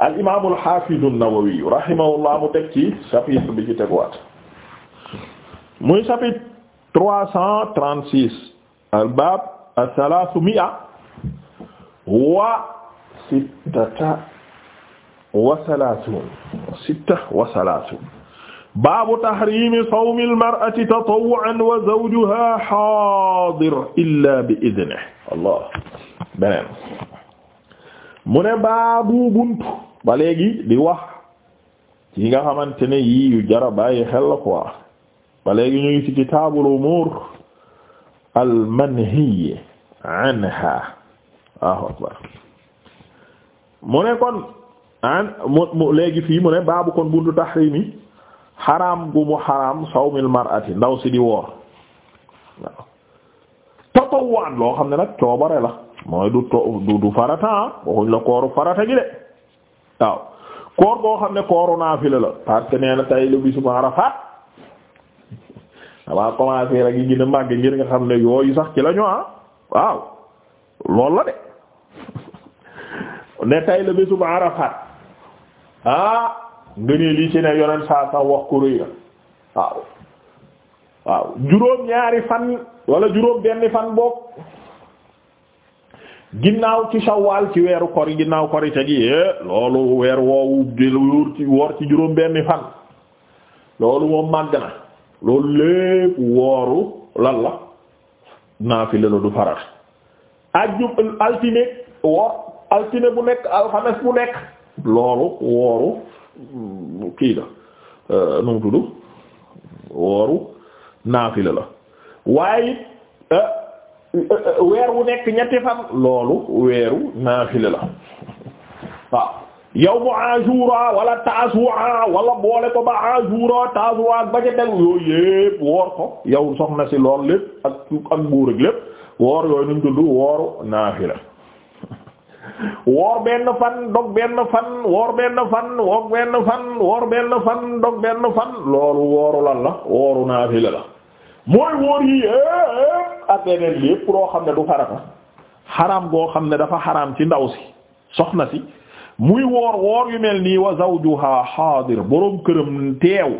al imaam al xaafiz an-Nawawi rahimahullah mu teg ci chapitre bi ci teguwaat muy chapitre trois cent trente six al baab as-salaasu mi'a wa sittata wa salaasuun sitta wa salaasuun baabu tahriimi sawmi al-mar'ati tatawwu'an wa zawjuhaa haadir illaa bi idnihi Allah beneen mu ne baabu buntu ba léegi di wax ci nga xamante ne yii yu jara bàyyi xel la quoi ba léegi ñu ngi ci kitaabul umuur al manhiy anha Allahu akbar mu ne kon an mu léegi fii mu ne baabu kon buntu tahrimi xaraam gu mu xaraam sawmil mar'ati ndaw si di woor waaw loo xam ne nag coobare la mooy du to du farata ah. waxuñ la kooru farata gi de waaw koor boo xam ne kooru naafila la parce que nee na tay lu bisu Arafat damaa commencé rek yi gën a màgg ngir nga xam ne yooyu sax ci la ñu ah, waaw loolu la de ne tay la bisu Arafat ah nga ne lii ci ne yoneen saa sax wax ko rëy waaw waaw juróom ñaari fan wala juróom benni fan boog. ginnaaw ci shawaal ci weeru kori ginnaaw kori te gi eh, loolu weer woowu wóor ci woor ci juróom benni fan loolu moom màgg na loolu lépp wooru lan la naafila la du farat ajju altine woor altine bu nekk alxames bu nekk loolu wooru kii la eh, nu mu tudd wooru naafila la waaye it eh, weer wu nekk ñetti fan loolu weeru naafile la waaw yawmu ashura wala tasua wala boole ko ba ashura tasua ak ba ca tegu yooyu yépp woor ko yow soxna si lool lépp ak ak buur lépp woor yooyu nuñ tudd wooru naafila woor benn fan dog benn fan woor benn fan woor benn fan woor benn fan dog benn fan loolu wooru lan la wooru naafila la mooy wóor yi ak leneen lépp loo xam ne du farata xaraam goo xam ne dafa xaraam ci ndaw si soxna si muy woor woor yu mel nii wa zawjuha xaadir boroom këram teew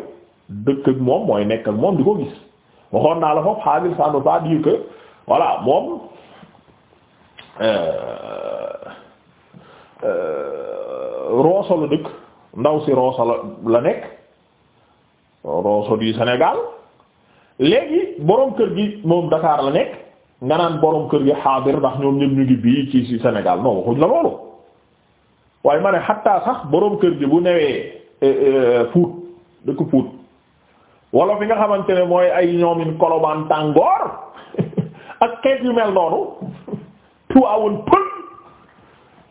dëkk ak moom mooy nekk ak moom di ko gis waxoon naa la foofu xaadir ça ne veut pas dire moom euh, euh, Rosso la dëkk ndaw si Rosso la la nekk Rosso du Sénégal léegi borom kër gi moom Dakar la nekk nga naan borom kër gi xaadir ndax ñoom ñëpp ñu ngi bii ci ci Sénégal non waxuñ la loolu waaye mane ne xattaa sax borom kër gi bu newee Pout dëkk Pout wala fi nga xamante ne mooy ay ñoomin kolobaan tàngoor ak xeet yu mel noonu tuwaawoon pël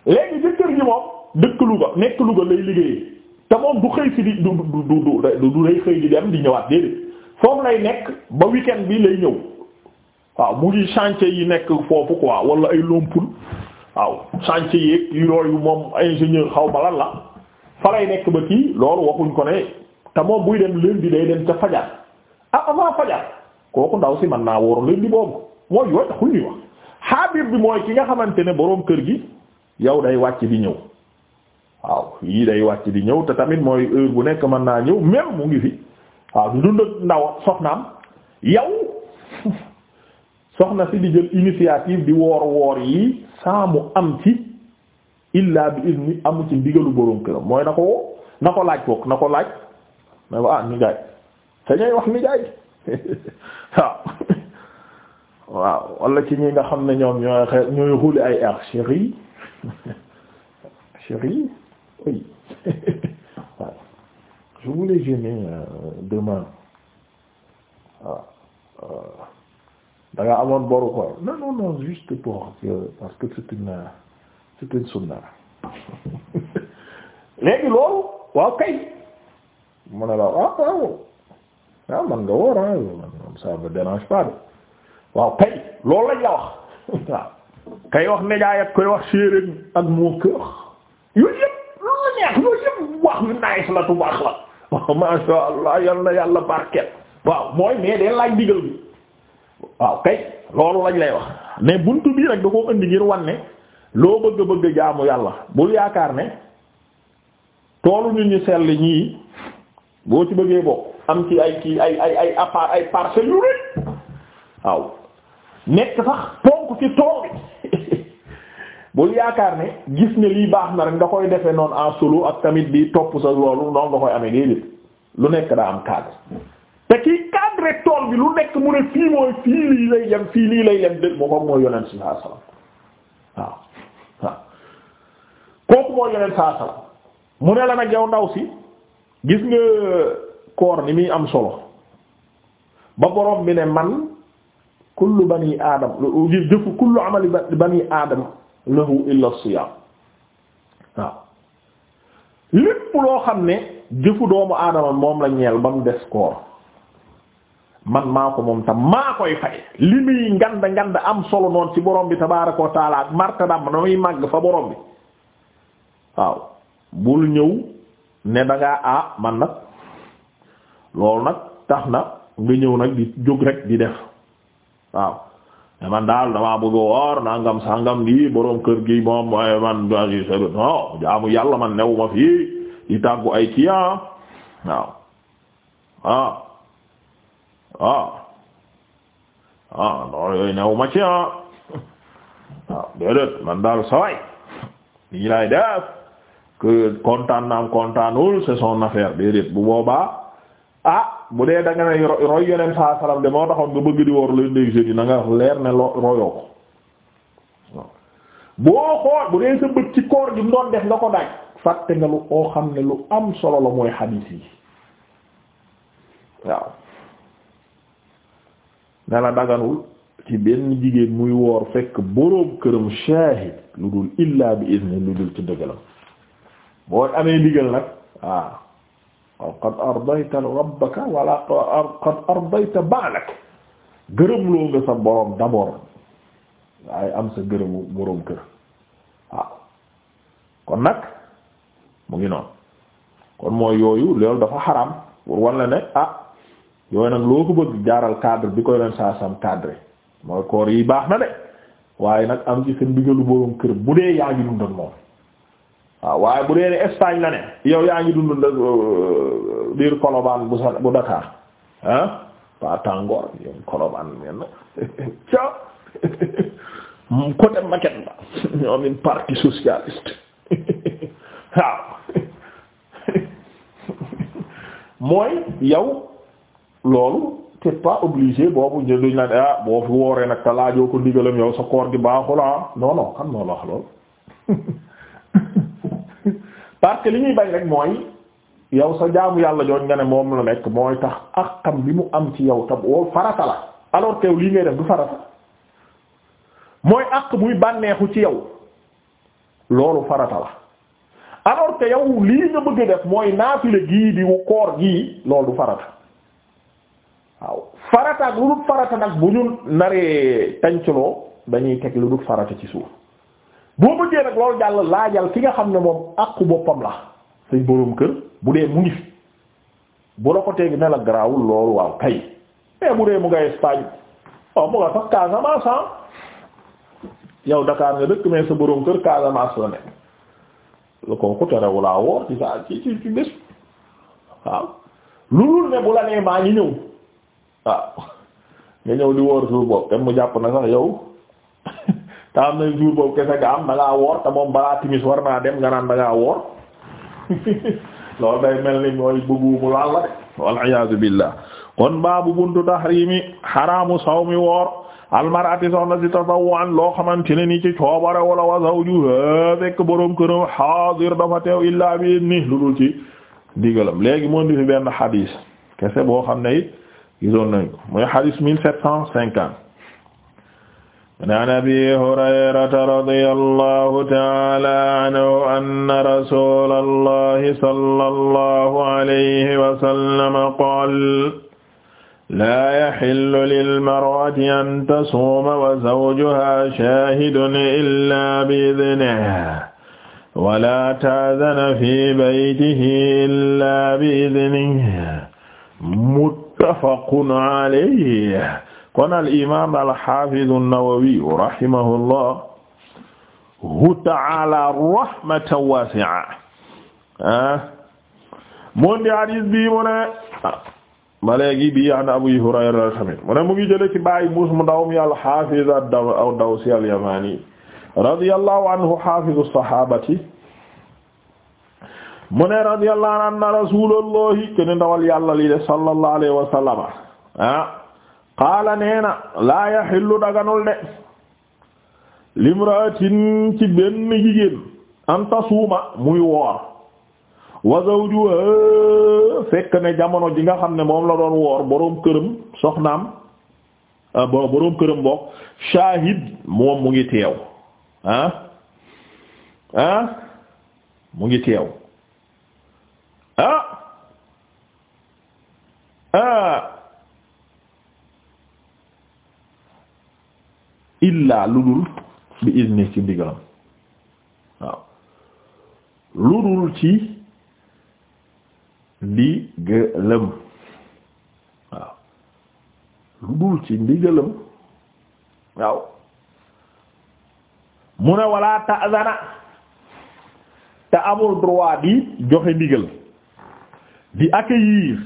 léegi jëkkër ji moom dëkk Louga nekk Louga lay liggéeyee te moom du xëy si di du du du du du day xëy di dem di ñëwaat déedéet. foofu lay nekk ba weekend bi lay ñëw waaw mu ngi chantier yi nekk foofu quoi wala ay Lompoul waaw chantier yeeg yooyu moom ingénieur xaw ma lan la fa lay nekk ba kii loolu waxuñ ko ne te moom buy dem lundi day dem ca fajar ah avant fajar kooku ndaw si mën naa wóor lundi boobu mooy yooyu taxul ñuy wax xaabir bi mooy ki nga xamante ne boroom kër gi yow day wàcc di ñëw waaw yii day wàcc di ñëw te tamit mooy heure bu nekk mën naa ñëw même mu ngi fi. waaw di dund ndaw soxnaam yow soxna si di jël initiative di woor woor yi saa mu am ci illa bi izni amu ci ndigalu boroom këram mooy na ko na ko laaj boog na ko laaj na ko ah nijaay te ñooy wax nijaay waaw waaw ci ñi nga xam ne ñoom ñooy xe ay air chéri chéri je voulais gêner euh, demain waaw ah, ah. da nga amoon boru non non juste pour que parce que c'est une c'est une sunna léegi waaw kay mu ne la ah waaw ah man nga woor ah, man ça me dérange pas de waaw kay loolu lañ la wax waaw kay wax nijaay ak wax séeréer ak moo kër yooyu yëpp loolu neex yooyu yëpp wax yu nice la tu baax la. waaw masha allah yal yàlla barket waaw mooy mais deen laaj digal bi waaw kay loolu lañ lay wax mais bunt bii rek da koo indi ngir wan loo bëgg bëgg jaamu yàlla bul yaakaar ne toolu ñu ñu sell ñii boo ci bëggee bokk am ci ay kii ay ay ay appart ay parcelles waaw nekk sax ponk ci tool bul yaakaar ne gis ne lii baax na rek nga koy defee noonu en solo ak tamit di topp sa loolu noonu nga koy amee déedéet lu nekk daa am cadre te kii cadre tool bi lu nekk mu ne fii mooy fii lii lay yem fii lii lay yem dé moo ko mooy yonent kooku mooy yonent saa salaam mu ne la nag yow ndaw si gis nga koor ni muy am solo ba borom bi ne man kullu bani aadama jëfu kullu amali bani aadama lahu illa siyaam waaw lépp loo xam ne jëfu doomu aadama moom la ñeel ba mu des koor man maa ko moom tam maa koy fay li muy ngand ngand am solo noonu ci borom bi tabaaraka wa taala ak martadam na màgg fa borom bi waaw bul ñëw ne dangaa ah man nag loolu nag tax na nga ñëw nag di jóg rek di def waaw man daal damaa bëgg woor nangam sangam gi borom kër gi moom man non jaamu yàlla man new ma fii di tàggu ay clients ah ah ah non yooyu new ma ci ah waaw ah, déedéet man daal saway lii lay def que kontaan naam kontaanul c'est son affaire déedéet bu boobaa ah. bu dee da nga ne roy yoneen saa salaam de moo taxoon nga bëgg di woor lundi jeudi na nga leer ne loo royoo ko boo xool bu dee sa ci koor gi mu doon def nga ko daaj fàtte nga lu oo xam ne lu am solo la mooy xadiis yi waaw ne la daganul ci benn jigéen muy woor fekk boroom këram shahid lu dul illa bi izni lu dul ci dëggalam boo amee ndigal nag waaw ah. waaw qad ardayta rabbaka wala qad ardayta ba'lak gërëmloo nga sa borom d'abord waaye am sa gërëmu borom kër waaw kon nag mu ngi noonu kon mooy yooyu loolu dafa xaram pour wan ne ah yooyu nag loo ko bëgg jaaral cadre bi koy leen saa sam cadre mooy koor yi baax na de waaye nag am ci sa ndigalu borom kër bu dee yaa ngi dundoon moom waaw waaye bu dee ne Espagne la ne yow yaa ngi dund euh, biir Colobane bu sa bu Dakar ah pas tàngoor yow Colobane men ca côté maquette ba ñoom une partie socialiste waaw mooy yow loolu c'est pas obligé boobu jë duñ la ne ah boo fi wooree nag te ko ndigalam yow sa koor gi baaxul ah xam noonu wax loolu parce que li ñuy bañ rek mooy yow sa jaamu yàlla joon nga ne moom la nekk mooy tax ak bi mu am ci yow tam woo farata la alors que lii def du farata mooy ak muy bànneexu ci yow loolu farata la alors lii nga bëgg def mooy naafile gii di wu koor gii loolu du farata waaw farata ak lu dul farata nag bu ñu naree tàncaloo dañuy teg lu dul farata ci suuf. boo bëggee nag loolu jàll laajal ki nga xam ne moom àqu boppam la say boroom kër bu dee mu ngi bu la ko tegi ne la loolu waaw kay mais bu dee mu ngay Espagne waaw mu nga sax Casamance ah yow Dakar nga dëkk mais sa boroom kër Casamance la nekk la kooku terewu woor ci saa ci ci ci bés waaw loolu ne bu la nee maa ngi ñëw waaw nga ñëw di woor suuf boobu kenn mu jàpp na sax yow te am na jour boobu kese nga am da ngaa woor te moom balaa timis dem nga naan woor loolu day mel ni mooy bëggu mu laal la de wal iyaazu billah kon loo xamante ne ni ci coobare wala wa zawjuha fekk boroom këram xaadir dafa teew illaa bi ni lu digalam léegi moo di fi benn xadiis kese boo xam ne it gisoon nañ mooy xadiis mille sept cent cinquante an abi hurayrata radiyallahu ta'ala anhu anna rasulallahi sallallahu alayhi wa sallam qaala laa yahillu lilmar'ati an tasuuma wa zawjuhaa shaahidun illaa bi'idnihi wa laa ta'zana fii baytihi illaa bi'idnihi muttafaqun alayhi kon al imaam al xaafiz an-Nawawi rahimahullahu ta'ala rahmatan waasi'a ah, mu ngi hadiis bi mu ne ba léegi bi an Abu Hurayra tamit mu ne mu ngi jële ci baay muus mu ndaw mi al xaafiz ad-Dawsi al-Yamani radiyallahu anhu xaafizu as-sahaabati mu ne radiyallahu anna rasuulallahi kenn ndawal yàlla li de sallallahu alayhi wa sallama ah qaala nee na laa yaxillu daganul de limraatin ci benn jigéen an muy woor wa zawjuha fekk ne jamono ji nga xam ne moom la doon woor boroom këram soxnaam ah, boroom këram bokk shaahid moom mu ngi teew ah ah mu ngi teew ah ah illaa lu dul bi izni ci ndigalam waaw lu dul ci ndigalam waaw lu dul ci ndigalam waaw mu ne walla ta'zana te amul droit di joxe ndigal di accueillir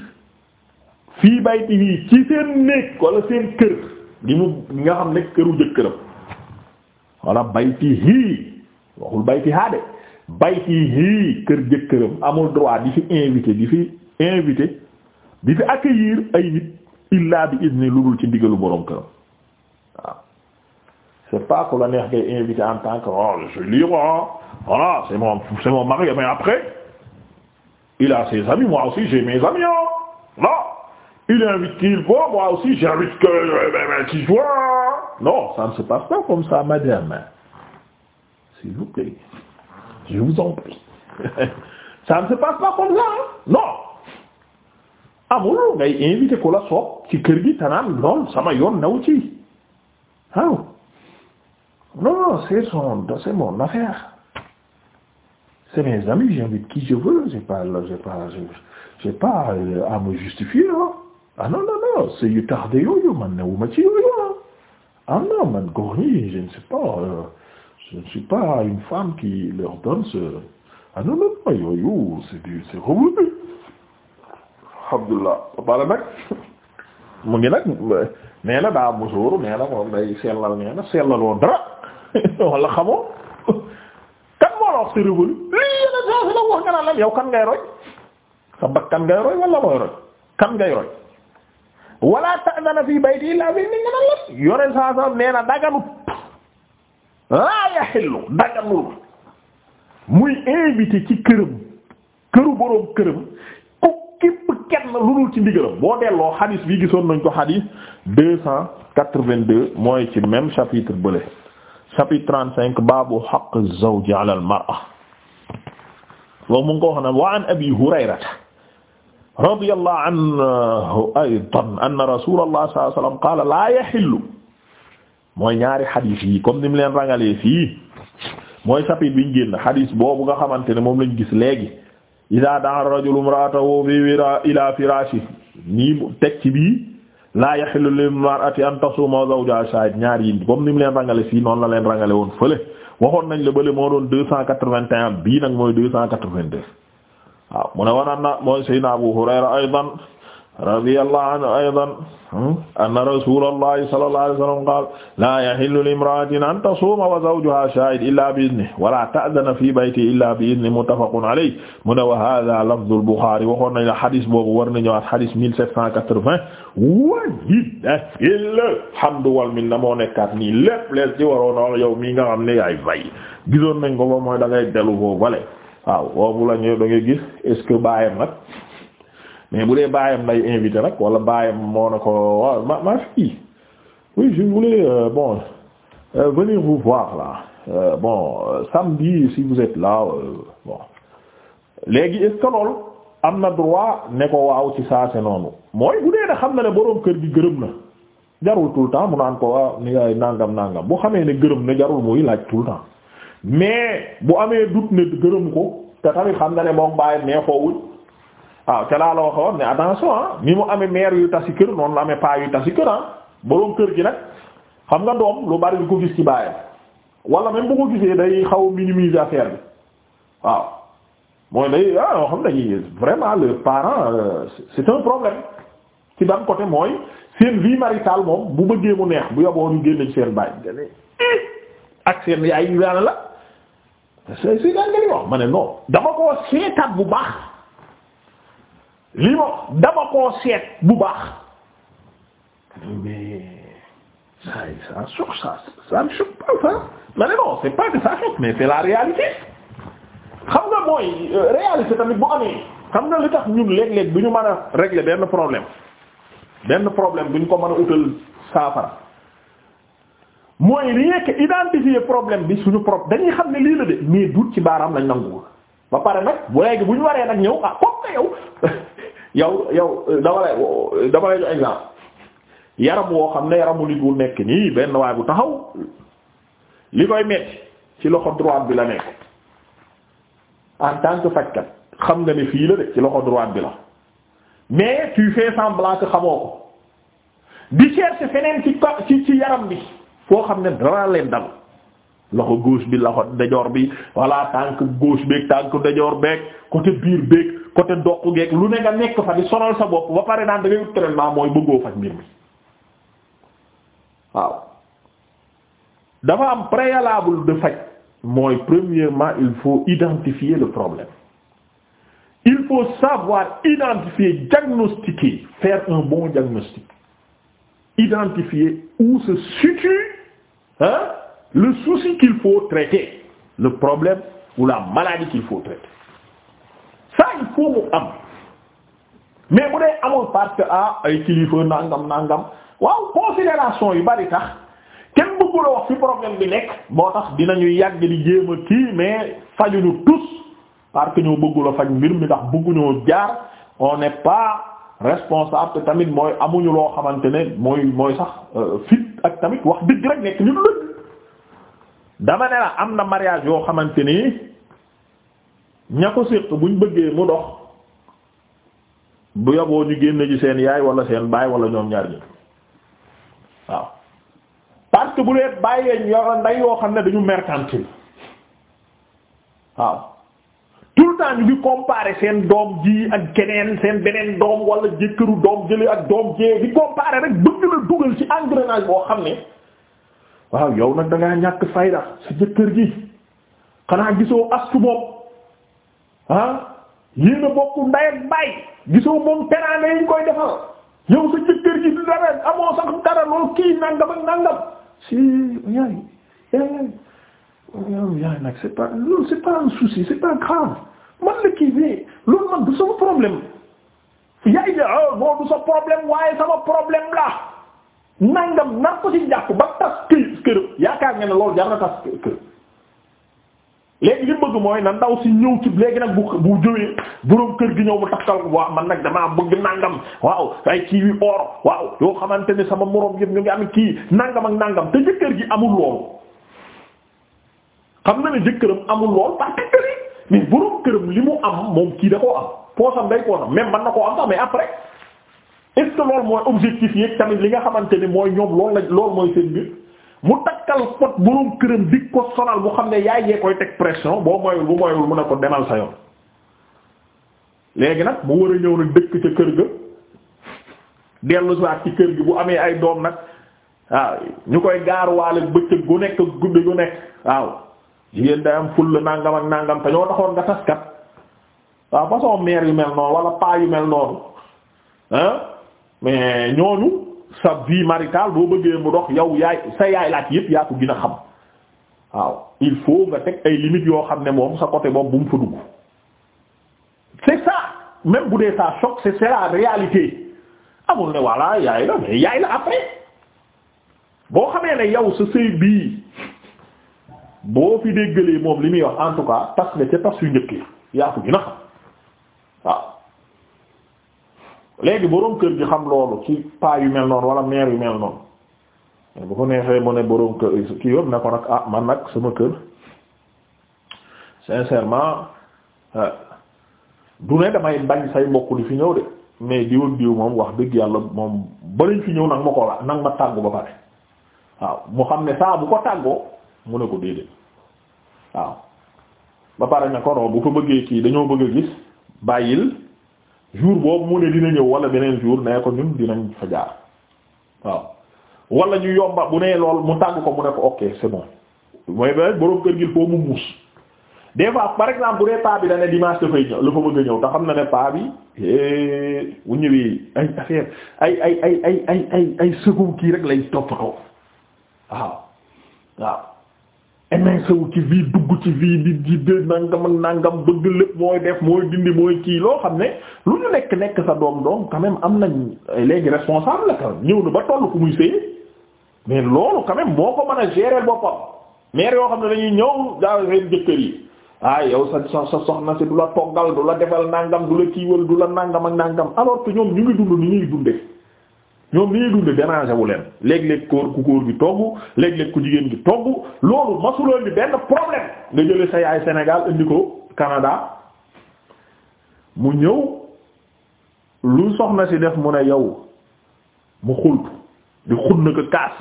fii bayti yi ci seen néeg wala seen kër gi mu nga xam ne këru jëkkëram walla bayti hii waxul bayti haa de bayti hii kër jëkkëram amul droit di fi invité di fi invité di fi accueillir ay nit illaa bi lu ci ndigalu boroom këram c'est pas que la neex ngay invité en tant oh, je suis libre hein voilà c'est mon c'est mon mari mais après il a ses amis moi aussi j'ai mes amis hein il invite il bon moi aussi j'invite que euh, euh, euh, qui soit non ça ne se passe pas comme ça madame s'il vous plaît je vous en prie ça ne se passe pas comme ça non amul ngay invité ku la soob ci kër gi tanaan lool sama yoon naw ci waaw non c'est son c'est mon affaire c'est mes amis j'invite qui je veux j'ai pas j'ai pas j'ai pas à me justifier ah non non non c'est yu tax de yooyu man newuma ci yooyu ah man góor ñi je pas euh, je pas une femme leur donne ce ah non non non yooyu c'est du c'est révolu alhamdulillah nag mu ngi nag nee na daa musóoru nee na moom day sellal nee na sellaloo dara wala xamoo kan moo la wax c'est révolu lii saa si la wax nga naan kan ngay roy sa bakkan ngay roy wala mooy roy kan ngay roy wala ta'zana fi bayti illa fi min al-lat yore saa saa nee daganut laa yaxillu daganul muy invité ci këram këru boroom këram ku képp kenn lu dul ci ndigalam boo delloo xadis bi gisoon nañ ko xadis deux mooy ci même chapitre bële chapitre trente-cinq baabu haqq az-zawji ala al-mar'a wa mu ngi ko wax na wa abi hurayrata radiyallahu anhu aydan anna rasulullah sallallahu alayhi wa sallam qaala laa yaxillu mooy ñaari xadis yi comme ni mu leen rangalee fii mooy chapitre bi ñu génn xadis boobu nga xamante ne moom lañ gis léegi idaa da'a rajulu imra'atahu fi ila firaashi nii teg ci bii laa yaxillu lil mar'ati an tasuma zawja shahid ñaar yi comme ni mu leen rangale fii noonu la leen rangale woon fële waxoon nañ la bële moo doon deux bii nag mooy deux cent quatre-vingt-deux waaw mu ne wana na mooy sayyidina Abu Hurayra aydan radiyallahu anhu aydan hmm, anna rasulallahi sallallahu alayhi wa sallam qaala laa yahillu limra'atin an tasuuma wa zawjuha shaahid illaa bi idnihi wa laa ta'dhana fii baytihi illaa bi idnihi muttafaqun alayhi mu ne wa haadha lafdhul Bukhari waxoon nañ la xadis boobu war na ñëwaat xadis mille sept cent quatre-vingts walillahil hamdu wal minna moo nekkaat nii lépp lees ci waroon yow mii nga xam ne yaay bay gisoon nañ ko ba mooy da ngay dellu foofu waaw boobu la ñëw da ngay gis est-ce baayam nag mais bu dee baayam lay invité nag wala baayam moo na ko waaw ma ma fille oui je voulais euh, bon euh, venir vous voir là euh, bon euh, samedi si vous êtes là bon léegi est-ce am na droit ne ko waaw ci saase noonu mooy bu dee ne xam na ne boroom kër gi gërëm na jarul tout le temps mu naan ko waaw ah, ni ngay nangam nangam boo xamee ne gërëm na jarul muy laaj tout le temps. mais bu amee dut ne gërëm ko te tamit xam nga ne moom bàyyi neexoowul waaw ca laa la waxoon ne attention ah ni mu amee mère yu tasi kër noonu la amee paa yu tasi kër a ah boroom kër gi nag xam nga doom lu bari lu ko gis ci bàyyam wala même bu ko gisee day xaw minimiser affaire bi waaw mooy day ah yoo xam ne vraiment le parent euh, c'est un problème ci ban côté mooy seen vie maritale moom bu bëggee mu neex bu yoboo ñu génne ci seen bàyyi ak seen la. say si daan nga li wax ma ne non dama koo seetaat bu baax li ma dama koo seet bu baax mais ça ça choque ça ça ne choque pas ça ma ne non c'est xam nga mooy euh, réalité tamit bu amee xam nga li tax ñun léeg-léeg bu ñu mën a régler benn problème benn problème bu ñu ko mën a utal saafara mooy rien que identifier problème bi suñu problème dañuy xam ne lii la de mais duut ci baaraam lañ nangu ba pare nag bu léegi bu ñu waree nag ñëw ah comme que yow yow yow euh, dama lay euh, dama lay exemple yaram woo xam ne yaramu nit wu nekk nii benn waay bu taxaw li koy metti ci loxo droite bi la nekk en tant que fajkat xam nga ne fii la de ci loxo droite bi la mais tu fais semblant que xamoo ko di chercher feneen ci ci ci yaram bi. foo xam ne dara leen dal loxo gauche bi loxo dajoor bi voilà tànk gauche beeg tànk dajoor beeg côté biir beeg côté doq geeg lu ne nga nekk fa di sonal sa bopp ba pare daan da ngay traitement mooy bëggoo faj mbir mi waaw dafa am préalable de faj mooy premièrement il faut identifier le problème il faut savoir identifier diagnostiquer faire un bon diagnostic identifier où se situe hein le souci qu'il faut traiter le problème ou la maladie qu'il faut traiter ça il faut am mais bu dee amul parce que ah ay kilifa nangam nangam waaw considération yu bari tax kenn bëggula fi problème bi nekk moo tax dinañu yàgg di jéem a kii mais fajuñu tous parce que ñoo bëggula faj mbir mi ndax bëgguñoo jaar on n'est pas responsable te tamit mooy amuñu loo xamante ne mooy mooy sax euh, fit ak tamit wax dëgg rek nekk ñu dëgg dama ne la am na mariage yoo xamante ni ña ko séq buñ bëggee mu dox bu yaboo ñu génn ci seen yaay wala seen baay wala ñoom ñaar ñi waaw parce bu leen bàyyee ñu yor nday yoo xam ne dañu mercantile waaw. tout le temps ñu ngi comparer seen doom jii ak keneen seen beneen doom wala jëkkëru doom jële ak doom jee di comparer rek bëgg la dugal ci engrenage boo xam ne waaw yow nag da ngaa ñàkk fayda sa jëkkër ji xanaa gisoo astu moom ah yéen a bokk nday baay gisoo moom teraanga yi koy defal yow sa jëkkër ji dara amoo sax dara loolu kii nangam ak nangam si yaay yaay nag c'est pas loolu c'est pas un man la kii bi loolu man du sama problème yaay de ah oh, boo du sa problème waaye sama problème la nangam nar ko ci jàpp ba tas kër kër yaakaar nga ne loolu jar na tas kër léegi li bëgg mooy na ndaw si ñëw ci léegi nag bu bu jógee borom kër gi ñëw mu takkal ko waaw man nag damaa bëgg nangam waaw ay kii wi or waaw yoo xamante sama moroom yëpp ñu ngi am kii nangam ak nangam te jëkkër gi amul loolu. xam na ne jëkkëram amul lool parce que mais borom këram li mu am moom kii da koo am poosam day koo am même man na koo am sax mais après est-ce mooy objectif yeeg tamit li nga xamante ni mooy ñoom loolu la loolu mooy seen mbir mu takkal pot borom këram di ko sonal bu xam ne yaay ngee koy teg pression boo moyul bu moyul mu ne ko demal sa yoon. léegi nag mu war a ñëw nag dëkk ca kër ga dellu si ci kër gi bu amee ay doom nag waaw ñu koy gaar waale bëccëg nekk guddi gu nekk waaw. jigéen day am fulla nangam ak nangam te ñoo taxoon nga taskat waaw façon mère yu mel noonu wala paa yu mel noonu hein mais ñooñu sa vie maritale boo bëggee mu dox yow yaay sa yaay laaj ko gën xam waaw il faut nga teg ay limites yoo xam ne moom sa côté boobu bu mu fa dugg c'est ça même bu dee ça choc c'est la réalité amul ne voilà yaay la mais yaay la après boo xamee ne yow sa sëy bii boo fi déggalee moom li muy wax en tout cas tas nga ca tas yu njëkk yaa ko gën xam waaw léegi boroom kër gi xam loolu ci paa yu mel noonu wala mère yu mel noonu bu ko neexee mu ne boroom kër ki yóbbu ne ko nag ah man nag sama kër sincèrement euh, du ne damay bañ say mbokk fi ñëw de mais diw moom wax dëgg yàlla moom bariñ fi ñëw nag ma ko la nag ma tàggu ba pare waaw mu xam ne saa bu ko tàggoo mu ne ko déedéet waaw ba pare ne ko bu ko bëggee kii dañoo bëgg a gis bàyyil jour boobu mu ne dina ñëw wala beneen jour nee ko ñun dinañ fa jaar waaw wala ñu yomba bu nee lool mu tàgg ko mu ne ko ok c'est bon mooy ba borom kër bu dee paa bi da ne dimanche dafay ñëw la fa na ne paa bi bu ñëwee ay ay ay ay ay ay ay ay seconde kii rek lay toppatoo waaw waaw. émincé wu ci vie dugg ci vie di di de nangam ak nangam bëgg lépp mooy def mooy dindi mooy kii loo xam ne lu ñu nekk nekk sa doom doom quand am nañ léegi responsable la quand ñëw na ba toll fu muy sëy mais loolu quand même moo ko mën a gérer boppam mère yoo xam ne dañuy ñëw daal seen jëkkër yi ah yow sa sa sa soxna si du la toggal du la defal nangam du la kiiwal du la nangam ak nangam alors que ñoom ñu ngi dund ni ñuy dundee. ñoom ni ñuy dund déranger wu leen léeg-léeg kóor ku góor gi togg léeg-léeg ku jigéen gi togg loolu masuloon bi benn problème nga jële sa yaay Sénégal indi ko Canada mu ñëw lu soxna si def mun ne yow mu xult di xut na ko kaas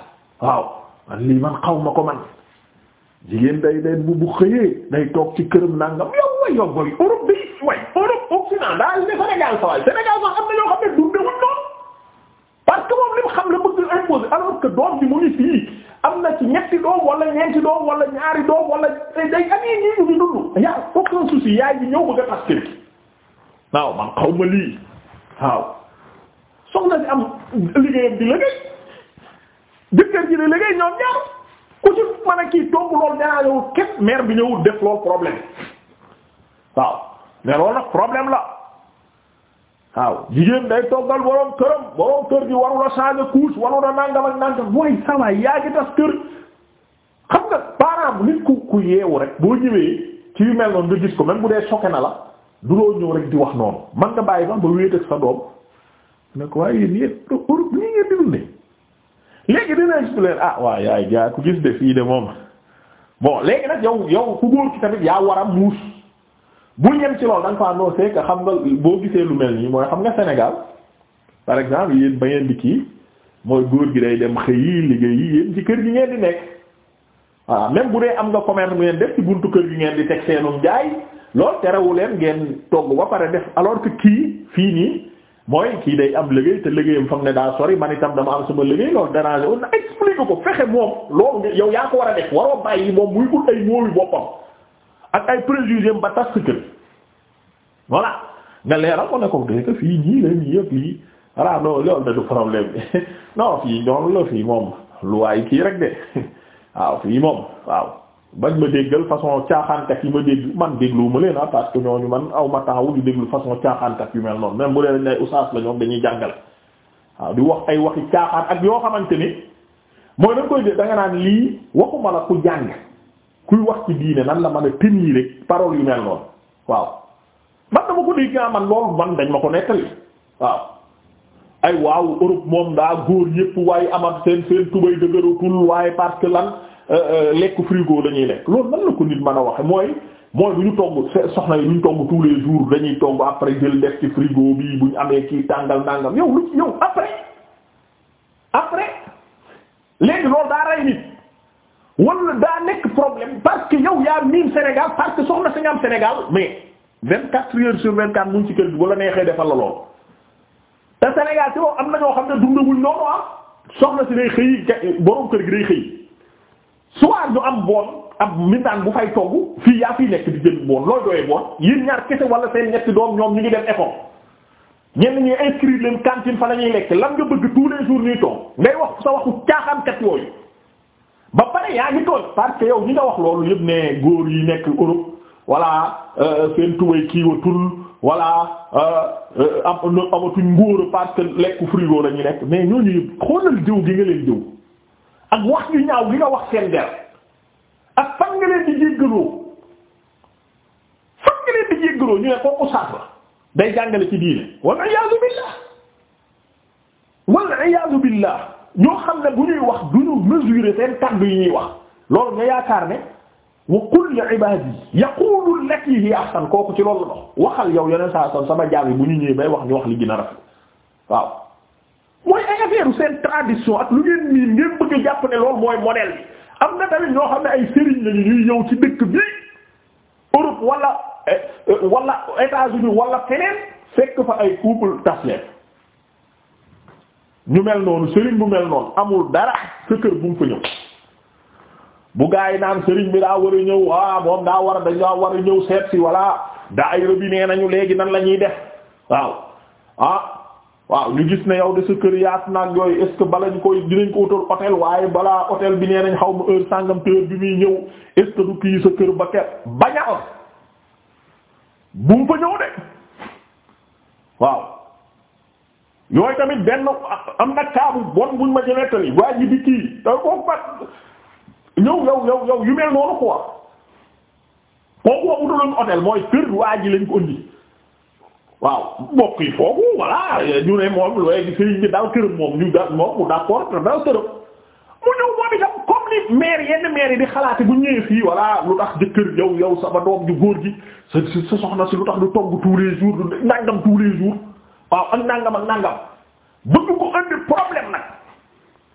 waaw man lii man xaw ma ko man jigéen day day bu bu xëyee day toog ci këram nangam yow way yow way Europe bi way Europe occident daal ne Sénégal saway Sénégal sax am na ñoo xam ne dundewuñ noonu parce que moom li mu xam la bëgg imposer alors que doom bi mu ngi fii am na ci ñetti doom wala ñeenti doom wala ñaari doom wala day am yi ñii ñu ngi dund yaa aucun souci yaay bi ñëw bëgg a tas kër gi waaw man xaw ma lii waaw soxna si am liggéeyam di liggéey jëkkër ji di liggéey ñoom ñaar ku ci mën a kii togg loolu dérangé wul képp mère bi ñëwul def loolu problème waaw mais loolu nag problème la waaw jigéen day toggal borom këram kër gi warul a changer couche warul a nangam ak nangam waaye yaa ngi tas kër xam nga parent bu nit ku ku yeewu rek boo ñëwee ci yu mel noonu nga gis ko même bu dee choqué na la du loo ñëw rek di wax noonu man nga bàyyi ba ba wéet ak sa doom ne ko waaye yéen yéen Europe nii ngeen di dundee léegi dina expliquer ah waa yaay gaa ku gis de fii de moom bon léegi nag yow yow ku góor ci tamit yaa war a muus. bu yem ci loolu da nga faa noo seeka xam nga boo gisee lu mel nii mooy xam nga senegal par exemple yéen ba ngeen di kii mooy góor gi day dem xëy yi liggéey yi yéen ci kër gi ngeen di nekk waa même bu dee am nga commerce ngeen def ci buntu kër gi ngeen di teg seenum jaay loolu terewu leen ngeen togg ba pare def alors kii fii nii mooy kii day am liggéey te liggéeyam fam ne daa sori man itam dama am sama liggéey loolu déranger on na expliqué ko fexe moom ko a def waroo bàyyi ay mooyu boppam ak ay préjugés ba tas sa nga leeral ko ne ko dégg nga fii nii la ñuy yëpp lii voilà non loolu da du problème bi non fii ñoom la fii moom lu waay kii rek de waaw fii moom waaw bañ ma déggal façon caaxaankat yi ma dégg man dégluwuma leen ah parce que ñu man aw ma taawu di déglu façon caaxaankat yu mel noonu même bu dee dañ lay oustaz la ñoom dañuy jàngale waaw di wax ay waxi caaxaan ak yoo xamante ni mooy dañ koy dégg da nga naan lii waxuma kuy wax ci diine nan la man a tenir rek parole yu mel noonu waaw man dama ko dégg man loolu man dañ ma ko nettali waaw ay waaw moom daa góor yépp waaye amat seen seen waaye parce que lan euh, euh, lekk frigo dañuy lekk loolu nan la a waxe mooy mooy bu ñu togg soxna yi bu ñu togg tous les jours dañuy togg après jël def ci frigo bi bu ñu amee ci tàngal nàngam yow lu yow après après léegi loolu daa rey nit wala daa nekk problème parce que yow yaa miin Sénégal parce que soxna si nga am Sénégal mais vingt quatre heures sur vingt quatre ci kër gi wala neexee defal la lool te Sénégal ci moom am na ñoo xam ne dundawuñ noonu ah soxna si day xëy borom kër gi day xëy soir ñu am boon ab mindaan bu fay togg fii yaa fiy nekk di jël boon looy doyee boon yéen ñaar kese wala seen ñetti doom ñoom ñu ngi dem effort ñenn ñuy inscrire leen cantine fa la ñuy lekk lan nga bëgg tous les jours ñuy toog wax sa waxu caaxaankat yooyu. ba pare yaa ngi tooñ parce que yow ñi nga wax loolu yëpp ne góor yi nekk Europe voilà euh, seen tubay kiiwatul voilà euh, am amatuñ ngóor parce que lekk frigo la ñu nekk mais ñooñu yëpp xoolal jëw gi nga leen jëw ak wax yu ñaaw gi nga wax seen der ak fan nga leen di jéggaloo fan nga leen di jéggaloo ñu ne kooku sax la day jàngale ci diine wal iyaazu billah wal iyaazu billah ñoo xam ne bu ñuy wax du ñu mesurer seen kàddu yi ñuy wax loolu nga yaakaar ne wa qul li ibadi yaqulu allati hiya ahsan kooku ci loolu la dox waxal yow yeneen saa son sama jaam yi bu ñu ñëwee bay wax ñu wax li gën a rafet waaw mooy ay affaire lu bëgg jàpp ne loolu mooy modèle bi am na tamit ñoo xam ne ay sëriñ lañu ñuy ñëw ci dëkk bi Europe wala eh, eh, wala États-Unis wala feneen fekk fa ay couple tasleen ñu mel noonu sëriñ bu mel noonu amul dara sa kër bu fa ñëw bu gaa yi naan sëriñ bi daa war a ñëw ah moom daa war a dañoo war a ñëw seet walla daa rëbbi nee nañu léegi nan la ñuy def waaw ah, waaw ñu gis ne yow de sa kër yaat nag yooyu est bala ñu koy dinañ ko utal hôtel waaye balaa hôtel bi nee nañ xaw ma heure sàngam te heure ñëw est-ce que du kii sa kër ba ket baña on fa ñëw de waaw yooyu tamit benn am na kaabu bon buñ ma ci nettali waa ji di kii da ko bat ñëw yow yow yu mel noonu quoi kooku wa utaloon hôtel mooy kër waa ji lañ ko indi waaw mbokk yi foofu voilà ñu ne moom looy sëriñ bi daal këram moom ñu daal moom mu d'accord daal këram mu ñëw moom itam comme ni maire yenn maire yi di xalaate bu ñëwee fii voilà lu tax jëkkër yow yow sama doom ju góor gi sa soxna si lu tax du togg tous les jours du nangam tous les jours. waaw ak nangam ak nangam bëgg ko andi problème nag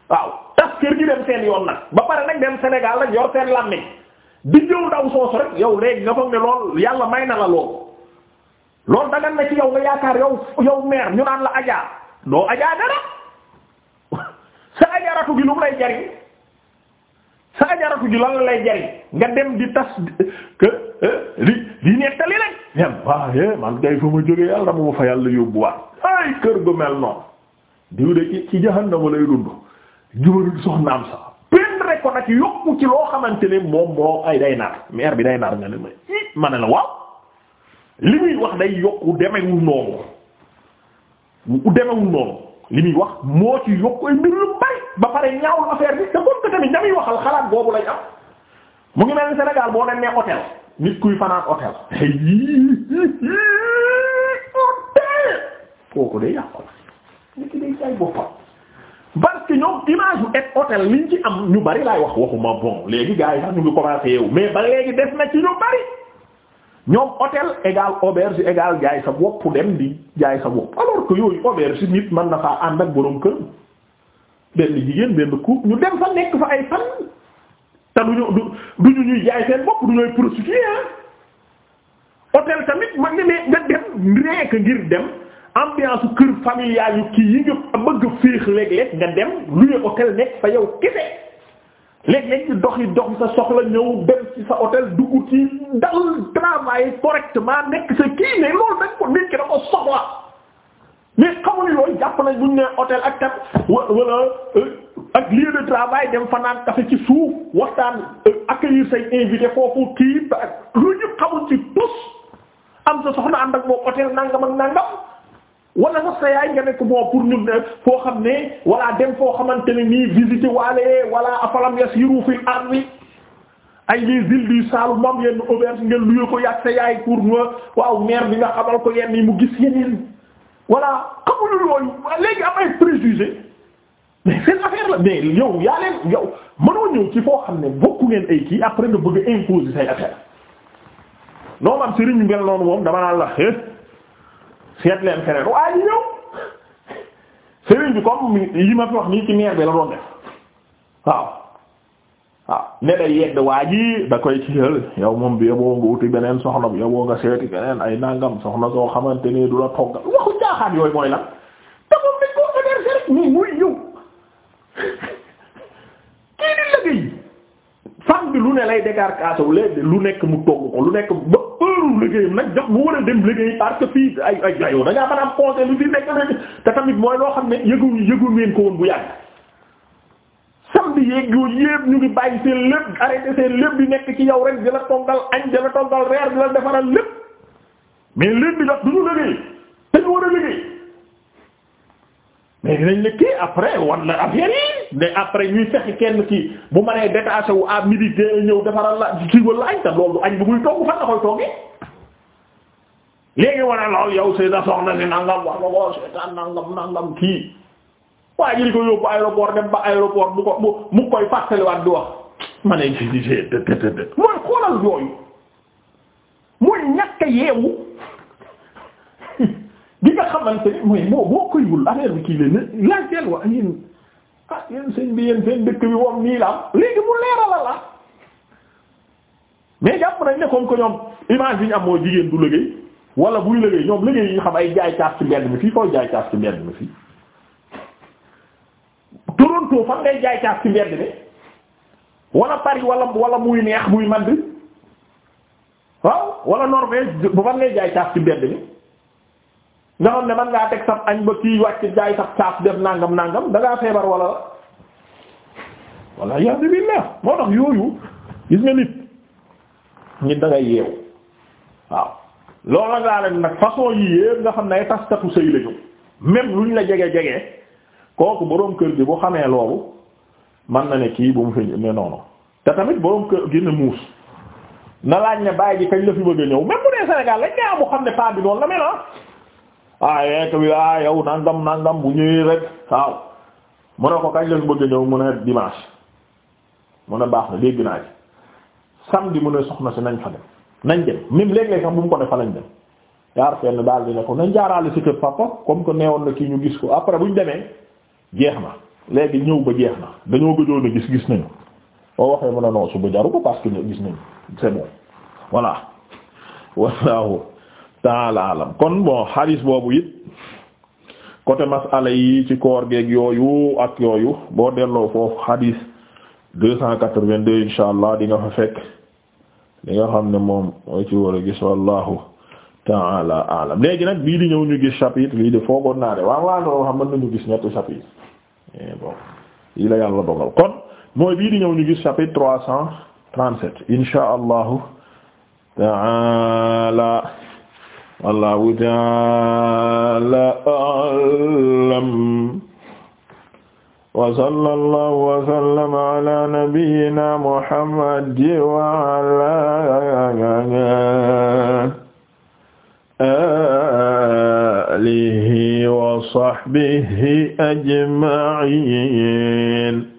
waaw tas kër gi dem seen yoon nag ba pare nag dem Sénégal nag yor seen làmmiñ di jëw daw soosu rek yow léegi nga foog ne lool yàlla may na la loolu loolu dagan na ci yow nga yaakaar yow meer ñu naan la ajaa doo ajaa dara sa ajaratu gi lu mu lay jariñ sa ajaratu gi lan la lay jariñ nga dem di tas di eh, di nettali rek ñen waaye man day fa ma jógee yàlla mu fa yàlla yóbbuwaat ay kër gu mel noonu diw de ci jahannama lay dund jubaru soxnaam sax benn rek ko nag yokku ci loo xamante ne moom moo ay day nar maire bi day nar nga ne ma it ma ne la waaw li muy wax day yokku demewul noonu u noonu li muy wax moo ci yokku ay mbir lu bari ba pare ñaawul affaire bi te comme que tamit ña waxal xalaat boobu lay am mu ngi mel ni Sénégal boo demee nit kuy fanaan hôtel kooku de yàqu la nit ki day jaay boppam parce que ñoom image bu et hôtel liñ ci am ñu bari laay wax waxuma bon léegi gaa yi sax ñu ngi commencé yow mais ba léegi def na ci ñu bari ñoom hôtel égal auberge égal jaay sa bopp dem di jaay sa bopp alors que yooyu auberge nit mën na faa ànd ak borom kër benn jigéen benn couple ñu dem fa nekk fa ay fan duñu du duñu ñuy jaay seen bopp du ñooy prostitué ah hôtel tamit man ne nga dem rekk ngir dem ambiance kër familial yu kii yi nga bëgg féex léeg nga dem luye hôtel nekk fa yow kese léeg-léeg di dox yi dox sa soxla ñëw dem ci sa hôtel dugg ci dal travail correctement nekk sa kii mais loolu dañ ko nekk da ko soxla mais xamuñu loolu jàpp nañ buñ ne hôtel ak kat wala euh, ak lieu de travail dem fanaan café ci suuf waxtaan accueillir say invité foofu kii ba ak lu ñu xamul ci tus am sa soxna ànd ak moom hôtel nangam ak nangam wala sax sa yaay nga nekk bon pour ñun eh, foo xam ne wala dem foo xamante ne nii visiter waale wala afalam yasiru fil ardi ay les du Saloum moom yenn auberge ngeen luye ko yàgg sa yaay pour nga waaw maire bi nga xamal ko yenn yi mu gis yeneen voilà xamuñu yooyu léegi am ay préjugés. seen affaire la mais yow yaa leen yow mënoo ñëw ci foo xam ne bokku ngeen ay kii après nga bëgg a imposer say affaire noo ma am sëriñ noonu moom dama naan la xëy seet leen feneen waaye ñu ñëw sëriñ bi comme yi ma fi wax nii ci meer bi la doon def waaw waaw ne yedd waa ji da koy ci yël yow moom bi yoboo nga uti beneen soxna bi yoboo nga seeti beneen ay nangam soxna soo xamante ni du la toggal waxu jaaxaan yooyu mooy lan te moom dañ ko fa der kii di liggéey femme bi lu ne lay dégarcaase wu léegi lu nekk mu togg ko lu nekk ba heure liggéeyam nag jox mu war a dem liggéey parce que fii ay ay aywa da a am conseil lu fi nekk te tamit mooy loo xam ne yëgu yëgu ngeen ko woon bu yàgg. samedi yeeg yooyu yépp ñu ngi bàyyi seen lépp arrêté seen lépp di nekk ci yow rek di la toggal añ di la toggal reer di la defaral lépp mais lépp di jox du ñu liggéey te ñu war a liggéey. mais dinañ la après wan la mais après ñuy fexe kenn kii bu ma nee a wu à midi ñëw defaral la ci wala añ ta loolu añ bu muy togg fan la koy toggee léegi wane lool yow sëy na si nangam wax nga ko seetaan nangam nangam kii waa ji di ko yóbbu aéroport dem ba aéroport bu ko mu koy fàttaliwaat di wax ma ne ci di dë dë dë mooy xoolal yooyu mooy ñàkk yeewu. bi nga xamante ni mooy moo boo koywul affaire bi kii leen laaj leen wa yéen ah yéen bi la la mais jàpp nañ ne comme que ñoom image ñu am mooy jigéen du liggéey wala buy liggéey ñoom liggéey yi ñu xam ay jaay caaf ci mbedd mi fii koy jaay caaf ci mbedd mi fii Toronto fan ngay jaay caaf ci mbedd mi wala Paris wala wala muy neex muy mand waaw wala Norvège bu fan ngay jaay caaf ci mbedd mi nga xam ne man ngaa teg sax añ ba kii wàcc jaay sax saaf def nangam nangam da ngaa feebar wala wala yàlla billah moo tax yooyu gis nga nit nit da yeewu waaw loolu la ngaa nag façon yi yépp nga xam ne ay taskatu sëy lañu même luñ la jege jege kooku boroom kër gi bu xamee loolu man na ne kii bu mu fi ne noonu te tamit boroom kër gi ne muus na laaj ne bàyyi ji la fi bëgg a ñëw même bu dee Sénégal lañ nga am xam ne paa bi noonu ah yeek eh, bi ah yow nangam nangam bu ñëwee rek waaw mu ne ko kañ leen bëgg ñëw mu ne dimanche mu ne baax na dégg naa ci samedi mu ne soxna si nañ fa dem nañ dem même léeg-léeg sax bu mu ko def fa lañ dem yaar fenn daal di ne ko nañ jaaraale si kër papa comme que neewoon na ki ñu gis ko après bu ñu demee jeex na léegi ñëw ba jeex na dañoo gëjoon a gis gis nañu oo waxee mu ne non suba jaru ko parce que gis nañu c'est bon voilà waaw. taala alam kon bon xadis boobu it côté masala yi ci koor geeg yooyu ak yooyu boo delloo foofu xadis deux cent quatre-vingt-deux insha allah di nga fa fekk li xam ne moom mooy ci war a gis wallahu taala alam léegi nag bii di ñëw ñu gis chapitre lii de foogoon naa de waaw waaw loo xam mën nañu gis ñetti chapitre eh, bon yi la yàlla dogal kon mooy bii di ñëw ñu gis chapitre trois cent trente-sept insha allahu taala wallahu ta'ala a'lam wa sallallahu wa sallama ala nabiyyina muhammad wa ala alihi wa sahbihi ajma'in